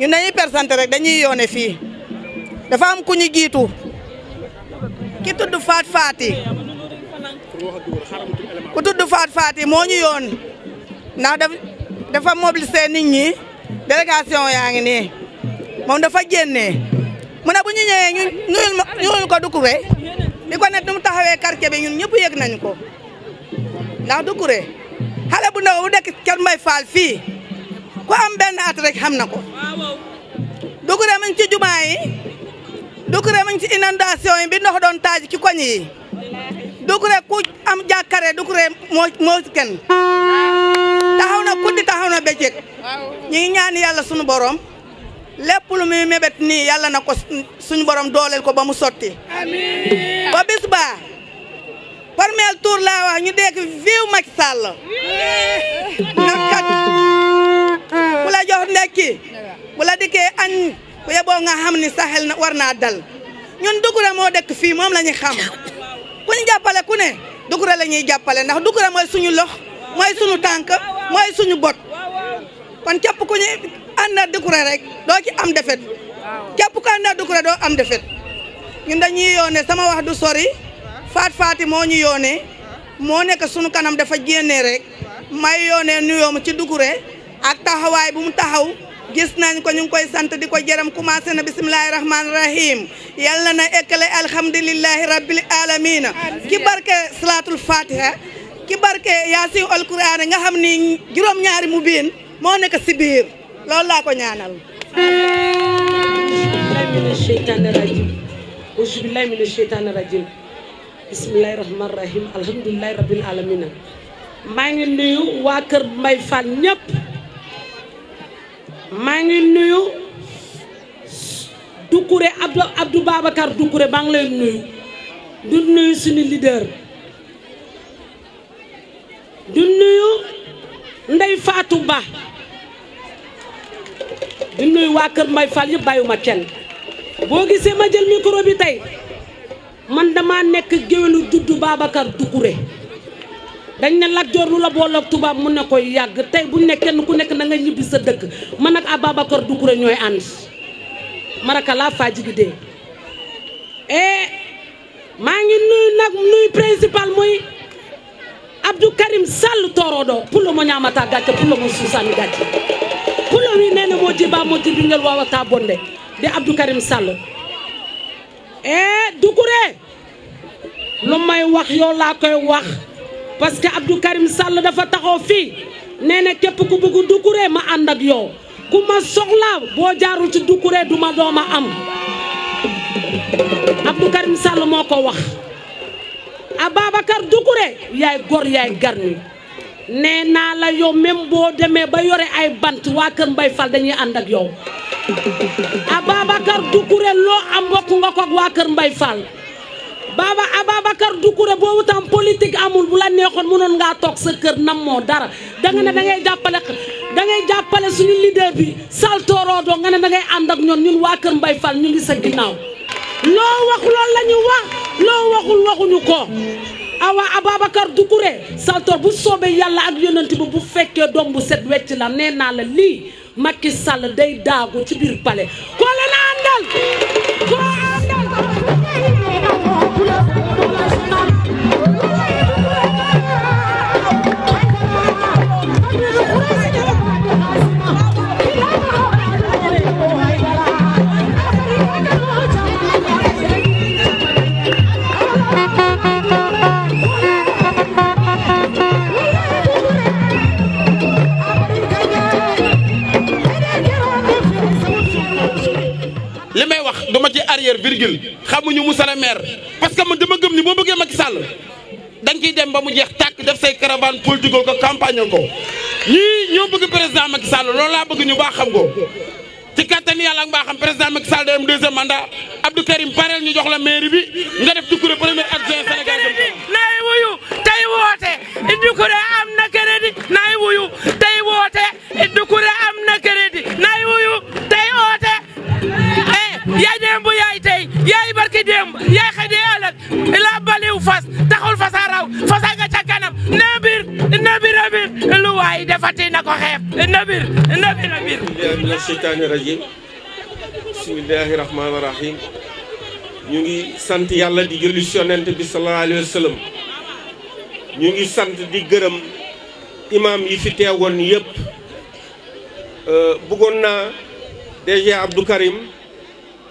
ñu dañuy persante rek dañuy yoone fii dafa am ku ñu jiitu ki tudd faat faati ku tudd faat faati moo ñu yoon ndax daf dafa mobiliser nit ñi délégation yaa ngi nii moom dafa génnee mu ne bu ñu ñëwee ñu ñuyul ñuyul ko Doucouré di ko ne nu mu taxawee quartier bi ñun ñëpp yëg nañu ko ndax Doucouré xale bu ndaw bu dekk Kër Mbay Fall fii ku am benn at rek xam na ko Doucouré mu ngi ci jumaa yi Doucouré mu bi ndox doon taaj ci koñ yi Doucouré ku am jàkkare Doucouré moo moo ci kenn na guddi taxaw na bëccëg ñu ngi ñaan yàlla suñu borom lépp lu muy mébét yàlla na ko suñu borom dooleel ko ba mu sotti amiin ba bis ba premier tour laa wax ñu dégg vive ku la jox ndekki bu la dikkee añ bu yeboo nga xam ni sa xel war naa dal ñun Doucouré moo dekk fii moom la ñuy xam ku ñu jàppale ku ne Doucouré la ñuy jàppale ndax Doucouré mooy suñu lox mooy suñu tànk mooy suñu bot kon càpp ku ñu ànd na rek doo ci am defet képp ku ànd na doo am defet ñun dañuy yoone sama wax du sori faat faati moo ñu yoone moo nekk suñu kanam dafa jénnee rek may yoone nuyoom ci Doucouré ak taxaway bu mu taxaw gis nañ ko ñu koy sant di jëram commencé na bisimilahi rahmaani rahim yàlla na ekkale alhamdulilahi rabbil alamin ki barke salatul fatiha ki barke yasin alquran nga xamni juroom ñaari mubin mo nek ci bir lool la ko ñaanal bismillahirrahmanirrahim الشيطان الرجيم أعوذ بالله ngi nuyu wa kër may Fall ñëpp maa ngi nuyu Doucouré Abdou Abdou Babacar Doucouré maa ngi leen nuyu du nuyu suñu leader du nuyu Ndey Fatou Ba du nuyu waa Kër Mbay fal yëpp bàyyiwuma kenn boo gisee ma jël micro bi tey man dama nekk géwélu juddu Babacar Doucouré dañ ne la jor lu la booloog tuba mun na koy yag tay bu ne kenn ku nek na nga ñibi sa dëkk man ak du kure ñoy and maraka la faa jigi dee eh maa ngi nuy nak nuy principal muy Abdou Karim Sall Torodo pulo mo ñaamata gàcce pulo mo suusaani gàcce pulo wi nee na moo jiba moo jibi ngel ta bonde di Abdou Karim Sall eh kure lu may wax yo la koy wax parce que Abdou Karim Sall dafa taxo fi nee kep ku bëgg Doucouré ma and ak yow ku ma soxla bo jaarul ci Doucouré du ma am Abdou Karim Sall moo ko wax Ababacar Doucouré yaay gor yaay garni nee la yo même bo demee ba yore ay bant wa keur Mbay Fall dañuy and ak yow Ababacar Doucouré lo am bokku nga ko wa keur Mbay Fall Baba Ababacar Doucouré boobu tam politique amul bu la neexoon mënoon ngaa toog sa kër nam moo dara da ne da ngay jàppale da ngay jàppale suñu leader bi saltooroo doo nga ne da ànd ak ñoom ñun waa kër mbay Fall ñu ngi sa ginnaaw loo wax loolu wax loo waxul waxuñu ko awa Ababacar Doucouré saltoor bu soobee yàlla ak yonent bi bu fekkee doom bu set wecc la nee naa la lii Macky Sall day daagu ci biir palais koo leen àndal Thank you. virgule xamuñu Moussa la maire parce que man dama gëm ni boo bëggee Macky Sall da nga dem ba mu jeex tàkk def say caravane politique ko campagne ko ñii ñoo bëgg président Macky Sall loolu laa bëgg ñu baax xam ko ci kattan yàlla ba xam président Macky Sall day am deuxième mandat Abdou Karim pareel ñu jox la mairie bi nga def Doucouré premier adjoint Sénégal nay wuyu tey woote Doucouré am na crédit nay wuyu tey woote Doucouré am na crédit nay wuyu tey يا يبركي ديم يا خدي الك الا بالي وفاس تاخول فاسا راو فاسا غاتا كانم نبير نبير نبير لو واي دفاتي نكو خيف نبير نبير نبير من الشيطان الرجيم بسم الله الرحمن الرحيم نيغي سانت يالا دي جيرلي سيونت بي صلى الله عليه وسلم نيغي سانت دي گرم امام يفي تيغون ييب بوغونا دجي عبد الكريم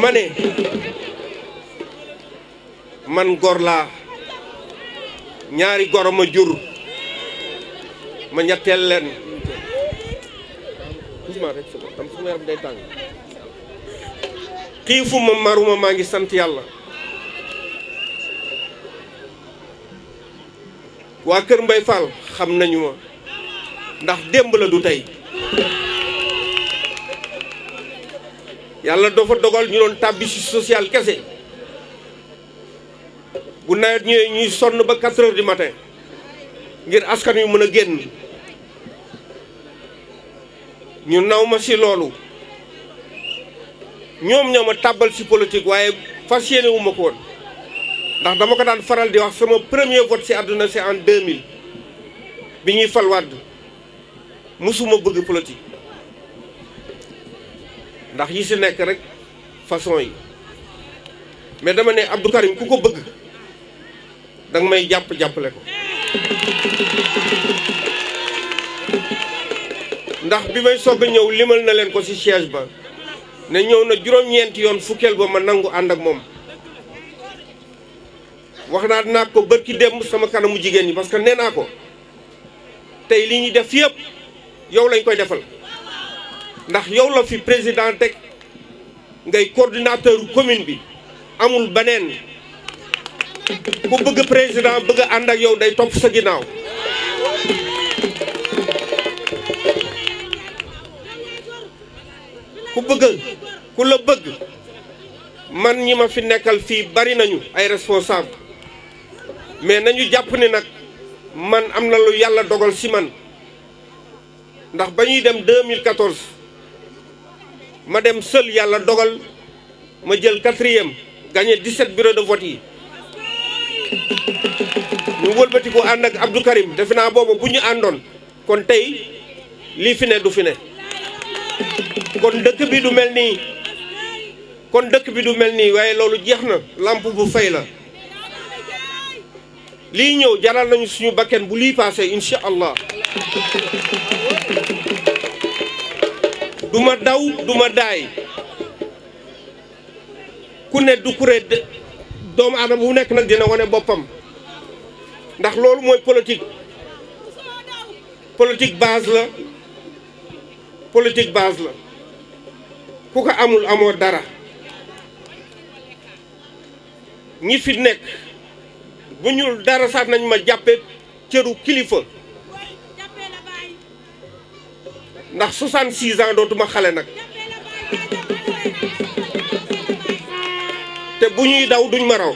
mané man gor la ñaari goro ma jur ma ñetteel leen ma maruma ma ngi sant yalla wa keur Mbay Fall xam nañu ndax demb la du tey yàlla dafa dogal ñu doon tàbbi ci social kese bu nawet ñëwee ñuy sonn ba quatre heures du matin ngir askan wi mën a génn ñu naw ma ci loolu ñoom ñoo ma tàbbal ci politique waaye fas yéene ko woon ndax dama ko daan faral di wax sama premier vote ci àdduna c'est en 2000 bi ñuy fal Wade musuma bëgg ndax yi si nekk rek façon yi mais dama ne Abdou ku ko bëgg danga may jàpp jàppale ko ndax bi may soog a ñëw limal na leen ko ci siège ba ne ñëw na juróom-ñeenti yoon fukkeel ba ma nangu ànd ak moom wax naa dinaa ko bër ki démb sama kanamu jigéen ñi parce que nee naa ko tey li ñuy def yëpp yow lañ koy defal ndax yow la fi président teg ngay coordinateur commune bi amul benen ku bëgg président bëgg and ak yow day top sa ginaaw ku bëgg ku la bëgg man ñi ma fi nekkal fi bari nañu ay responsable mais nañu japp ni nak man amna lu yalla dogal si man ndax bañuy dem 2014 ma dem seul yàlla dogal ma jël quatrième gagné 17 bureaux de vote yi ñu wëlbati ko ànd ak Abdou Karim defe naa boobu bu ñu àndoon kon tey lii fi ne du fi ne kon dëkk bi du mel nii kon dëkk bi du mel nii waaye loolu jeex na làmp bu fay la lii ñëw jaral nañu suñu bakken bu lii paase incha allah du ma daw du ma daay ku ne du kuré doomu aadama bu nekk nag dina wane boppam ndax loolu mooy politique politique base la politique base la ku ko amul amoo dara ñi fi nekk bu ñuul dara sax nañ ma jàppe cëru kilifa ndax 66 ans dootuma xale nag te bu ñuy daw duñ ma raw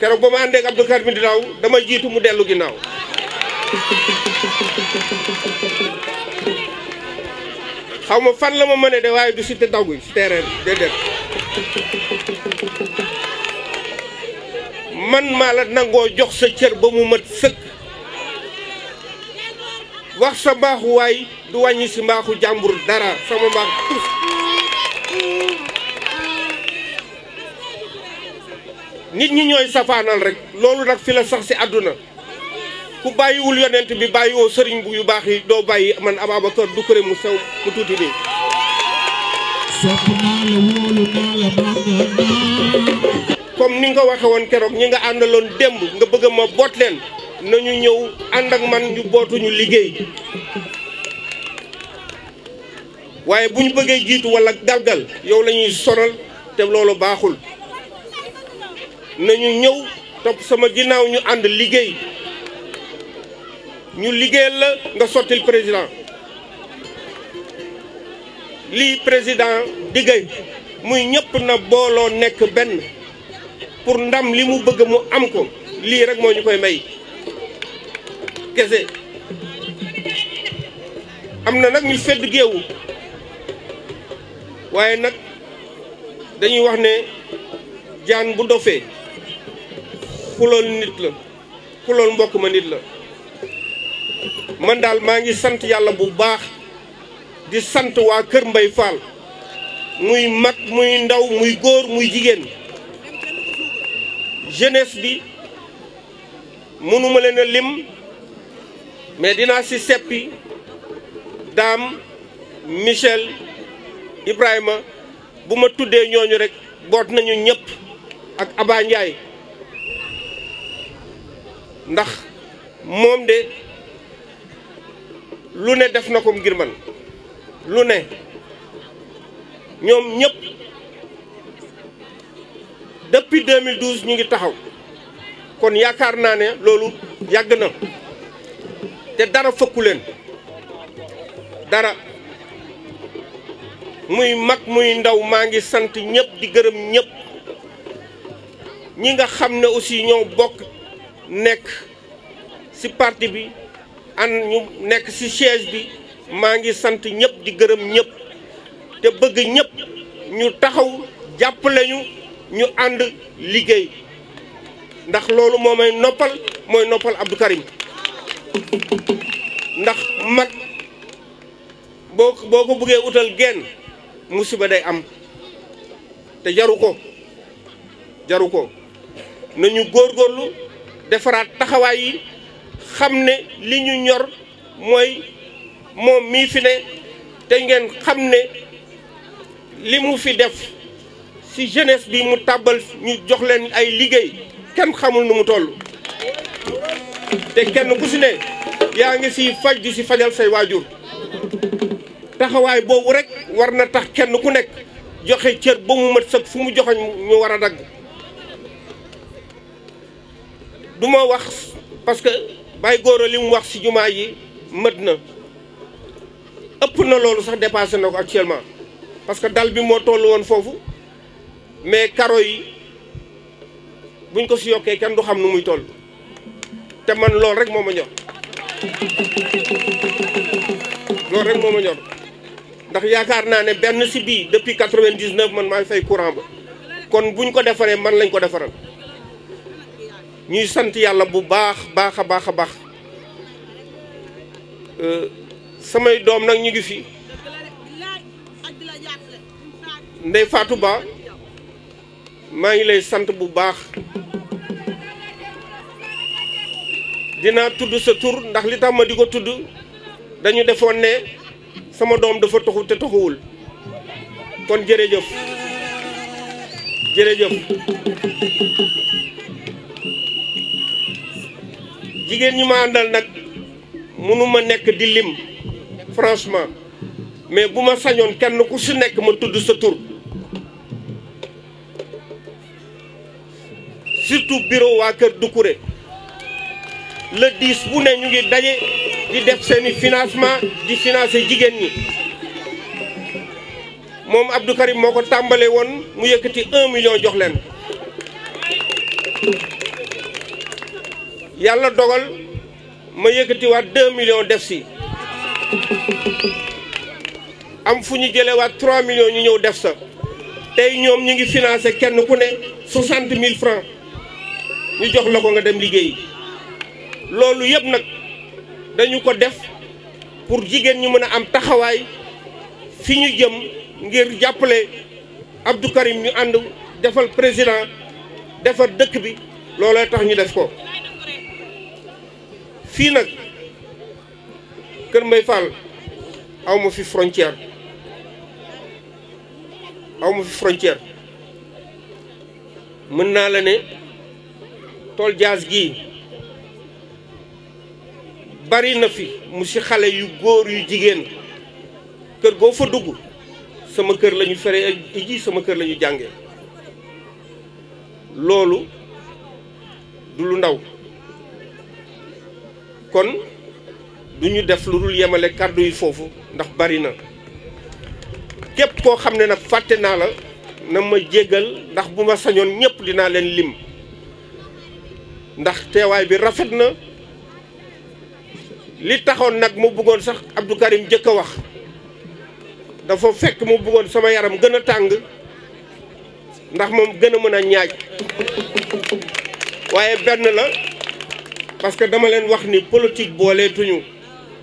keroog ba ma àndee ak Abdou Karim mi di daw dama jiitu mu dellu ginnaaw xaw ma fan la ma mën de waaye du si te daw gi si terrain déedéet man maa la nangoo jox sa cër ba mu mat sëkk. wax sa baxu way du wañi ci mbaxu jàmbur dara sama mbax tous nit ñi ñoy safanal rek lolu nak fi la sax ci aduna ku wul yonent bi wo serigne bu yu baax yi doo bàyyi man du kure mu sew ku tuti bi comme ni nga waxe woon keroog ñi nga andalon demb nga bëgg mo boot nañu ñëw ànd ak man ñu bootuñu liggéey waaye bu ñu bëggee jiitu walla galgal yow lañuy ñuy sonal te loolu baaxul nañu ñëw topp sama ginnaaw ñu ànd liggéey ñu liggéeyal la nga sottil président lii président diggéey muy ñëpp na booloo nekk benn pour ndam li mu bëgg mu am ko lii rek moo ñu koy may kese am na nag ñu fedd géewu waaye nag dañuy wax ne jaan bu dofee xulool nit la xulool mbokk ma nit la man daal maa ngi sant yàlla bu baax di sant waa Kër Mbay Fall muy mag muy ndaw muy góor muy jigéen jeunesse bi mënuma leen lim mais dinaa ci seppi daam Michel Ibrahima bu ma tuddee ñooñu rek boot nañu ñëpp ak Aba Ndiaye ndax moom de lu ne def na ko ngir man lu ne ñoom ñëpp depuis 2012 ñu ngi taxaw kon yaakaar naa ne loolu yàgg na. te dara fëkku leen dara muy mag muy ndaw maa ngi sant ñëpp di gërëm ñëpp ñi nga xam ne aussi ñoo bokk nekk ci parti bi an ñu nekk ci siège bi maa ngi sant ñëpp di gërëm ñëpp te bëgg ñëpp ñu taxaw jàppale ñu ñu ànd liggéey ndax loolu moo may noppal mooy noppal Abdou Karim ndax mag boo boo ko buggee utal genn musiba day am te jaru ko jaru ko nañu góorgóorlu defaraat taxawaay yi xam ne li ñu ñor mooy moom mii fi ne te ngeen xam ne li mu fi def ci jeunesse bi mu tàbbal ñu jox leen ay liggéey kenn xamul nu mu toll te kenn ku si ne yaa ngi si faj di si fajal say waajur taxawaay boobu rek war na tax kenn ku nekk joxe cër ba mu mat sëkk fu mu joxoñ ñu war a dagg du ma wax parce que Baye Gora li mu wax si jumaa yi mët na ëpp na loolu sax dépassé na ko actuellement parce que dal bi moo toll woon foofu mais karo yi buñ ko si yokkee kenn du xam nu muy toll te man loolu rek moo ma ñor loolu ma ñor ndax yaakaar naa ne benn si bii depuis quatre-vingt-dix-neuf man maa fay courant ba kon buñ ko defaree man lañ ko defaral ñuy sant yàlla bu baax baax a baax a baax euh, samay doom nag ñu ngi fi Ndey Fatou Ba maa ngi lay sant bu baax dinaa tudd sa tur ndax li tax ma di ko tudd dañu defoon ne sama doom dafa toxu te toxuwul kon jërëjëf jërëjëf jigéen ñi ma àndal nag mënuma nekk di lim franchement mais bu ma sañoon kenn ku si nekk ma tudd sa tur surtout bureau waa kër du Doucouré le 10 bu ne ñu ngi dajé di def seeni financement di financer jigen ñi Mom Abdou Karim moko tambalé won mu yëkëti 1 million jox leen yalla dogal ma yëkëti wa 2 million def ci am fu ñu jëlee 3 million ñu ñëw def sa tay ñom ñu ngi financer kenn ku ne 60000 francs ñu jox lako nga dem liggéey. loolu yëpp nag dañu ko def pour jigéen ñi mën a am taxawaay fi ñu jëm ngir jàppale Abdou Karim ñu ànd defal président defar dëkk bi looloo tax ñu def ko fii nag Kër Mbay Fall awma fi frontière awma fi frontière mën naa la ne tool jaas gii bari na fi mu si xale yu góor yu jigéen kër goo fa dugg sama kër la ñu fere ji sama kër la ñu jàngee loolu du lu ndaw kon du ñu def lu dul yemale kàddu yi foofu ndax bari na képp koo xam ne nag fàtte naa la na ma jéggal ndax bu ma sañoon ñëpp dinaa leen lim ndax teewaay bi rafet na li taxone nak mu bëggoon sax Abdou Karim jëk wax dafa fekk mu bëggoon sama yaram gëna a ndax mom gëna mëna ñaaj waye benn la parce que dama leen wax ni politique tuñu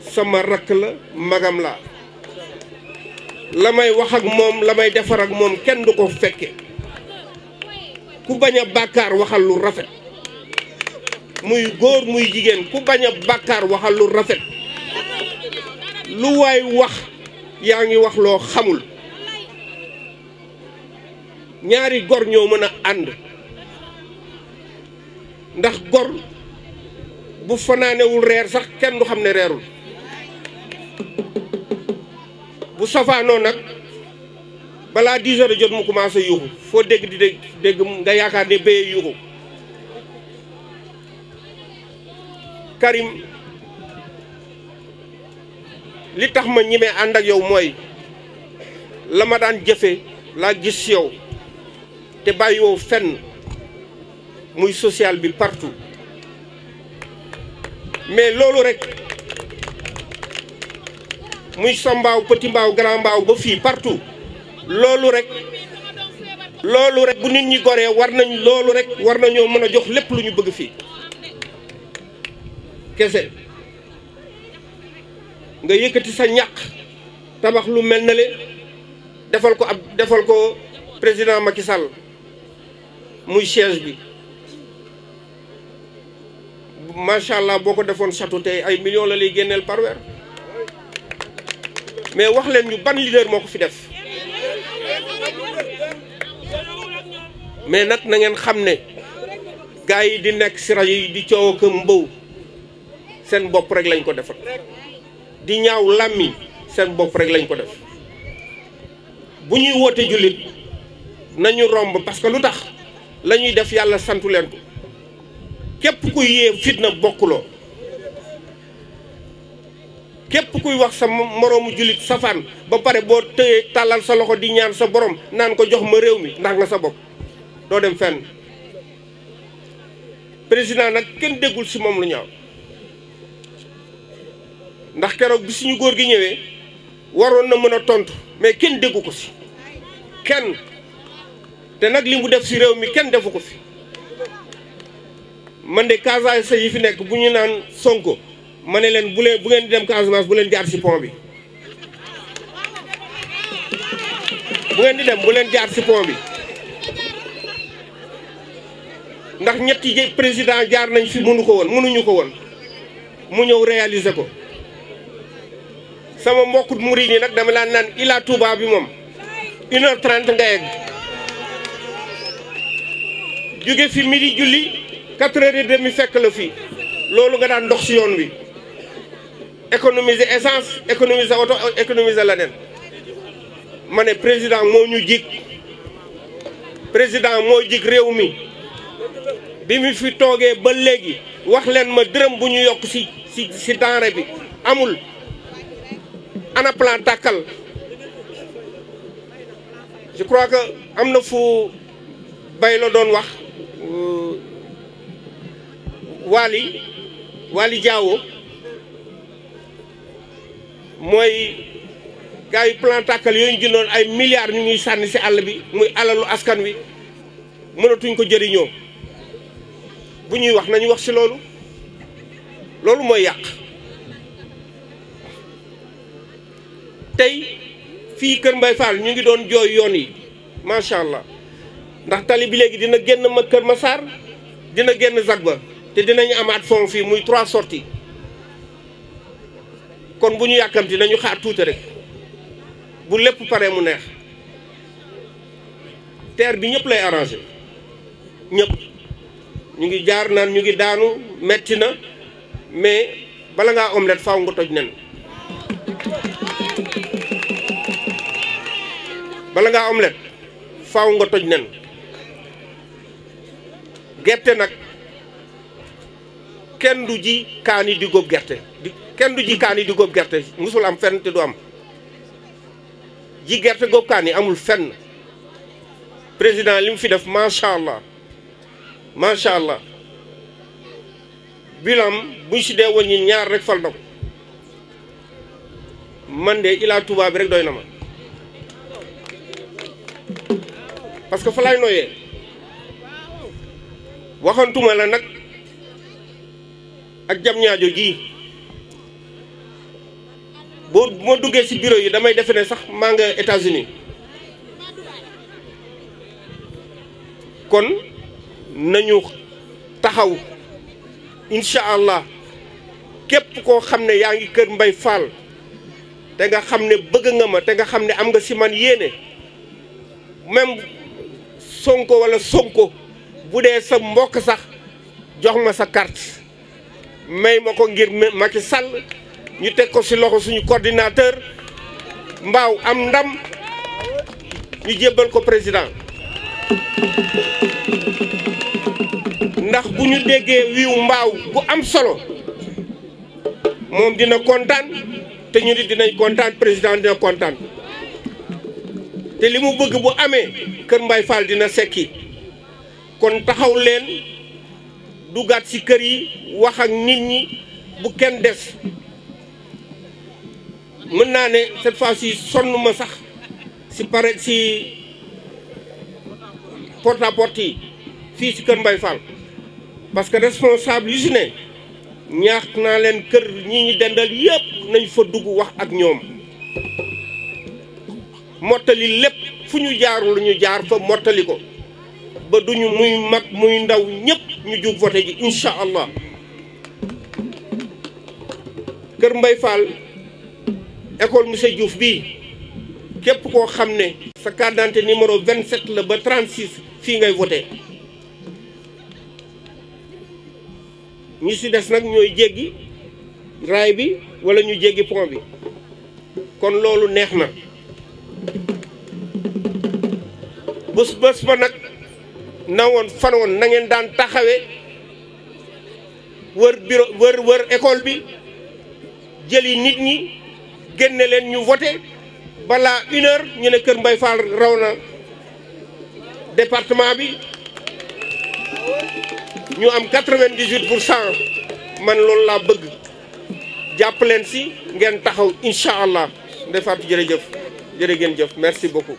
sama rak la magam la lamay wax ak mom lamay defar ak mom kenn duko ku baña waxal lu rafet muy góor muy jigen, ku baña bakar waxal lu rafet lu way wax yaangi wax lo xamul ñaari gor ñoo mëna and ndax gor bu wul reer sax kenn du xamne reerul bu safaanoo nak bala 10h jot mu commencé yuuxu fo deg di deg deg nga yaakaar ni beye Karim li tax ma ñimee and ak yow moy la ma daan jëfé la gis yow te bayiwo fenn muy social bi partout mais lolu rek muy Sombaaw Petit Mbaaw Grand Mbaaw ba fi partout lolu rek lolu rek bu nit ñi goré war nañ lolu rek war nañu mëna jox lepp lu bëgg fi kese nga yëkëti sa ñàq tabax lu melnalé defal ko ab defal ko président Macky Sall muy chaise bi sha allah boko defon defoon château tey ay millions la lay gënël par wër mais wax leen ñu ban leader moko fi def mais nak na ngeen xamné gaay yi di nek si yi di coow ak mbow sen bop rek lañ ko def di ñaaw lami sen bop rek lañ ko def bu ñuy wote julit nañu romb parce que lutax lañuy la def yalla santu len ko kep kuy yee fitna bokkuloo kep kuy wax sa moromu julit safan ba pare bo teye talal sa loxo di ñaan sa borom naan ko jox ma rew mi ndax nga sa bopp do dem fenn président nak kenn degul ci mom lu ñaaw ndax keroog bi suñu góor gi ñëwee waroon na mën a tontu mais kenn déggu ko si kenn te nag li mu def si réew mi kenn defu ko si man de Casamance yi fi nekk bu ñu naan Sonko ma ne leen bu leen bu ngeen dem Casamance bu leen jaar si pont bi bu ngeen di dem jaar si bi ndax ñetti président jaar nañ fi mënu ko woon mënuñu ko woon mu ñëw réaliser ko. sama mbokku murid yi nag dama laa naan Ila Touba bi moom une heure trente nga egg jóge fi midi julli quatre heures et demi fekk la fi loolu nga daan dox si yoon wi économiser essence économiser oto économiser leneen ma ne président moo ñu jig président moo jig réew mi bi mu fi toogee ba léegi wax leen ma dërëm bu ñu yokk si si si denrée bi amul ana plan tàkkal je crois que amna fu baylo don wax wali euh, wali jawo moy gay plan tàkkal yoy ñu ay milliards ñu ngi sanni ci all bi muy alalu askan wi mënatuñ ko jëriño bu ñuy wax nañu wax si lolu lolu moy yak Tay, fi keur Mbay Fall ñu ngi doon joy yoon yi sha allah ndax tali bi léegi dina genn ma Kër Massar dina genn Zagba te dinañu amaat fond fi muy trois sorties kon buñu yakamti Bulle nañu xaar tuuti rek bu lepp paré mu neex terre bi ñepp lay arranger ñepp ñu ngi jaar naan ñu ngi daanu metti na mais bala nga omelette faaw nga toj nen bala ngaa omelette faw nga toj nen gerte nag kenn du ji kaani di góob gerte di kenn du ji kaani di góob gerte musul am fenn te du am ji gerte góob kaani amul fenn président li mu fi def macha allah macha allah bilam buñ si dee woon ñaar rek fal na ko man de ilaa tubaab bi rek doy na ma. parce que fa lay noyé waxantuma la nak ak jam ñaajo jii boo ma ci bureau yi damay défé né sax ma nga États-Unis kon nañu taxaw inshallah allah ko xamné yaangi ne kër Mbay Fall té nga xamné bëgg nga ma té nga xamné ne am nga ci man yéné même sonko wala sonko bu dee sa mbokk sax jox ma sa kart may ma ko ngir Macky sal ñu teg ko ci loxo suñu coordinateur mbaaw am ndam ñu jébbal ko président ndax bu ñu déggee wiiw mbaaw bu am solo moom dina kontaan te ñu di dinañ kontaan président dina kontaan te li mu bëgg bu amee kër Mbay Fall dina sekki kon taxaw leen dugaat ci kër yi wax ak nit ñi bu kenn des mën naa ne cette fois-ci sonn ma sax ci pare ci porte porte yi fii ci kër Mbay Fall parce que responsable yu si ne ñaax naa leen kër ñi ñi dendal yëpp nañ fa dugg wax ak ñoom mottali lépp fu ñu jaarul ñu jaar fa mottali ko ba du ñu muy mag muy ndaw ñëpp ñu jug vote ji incha allah Kër Mbay Fall ecole monsieur Diouf bii képp koo xam ne sa carte d'identité numéro 27 la ba 36 fii ngay voté ñi si des nag ñooy jéggi raay bi wala ñu jéggi pont bi kon loolu neex na bus bus ba nak nawon fanon na ngeen daan taxawé wër biro wër wër école bi jëli nit ñi génne leen ñu voté bala 1 heure ñu né Kër mbay Fall rawna département bi ñu am 98% man loolu la bëgg japp leen ci ngeen taxaw inshallah defat ndey Fatou jërëjëf jërë ngeen jëf merci beaucoup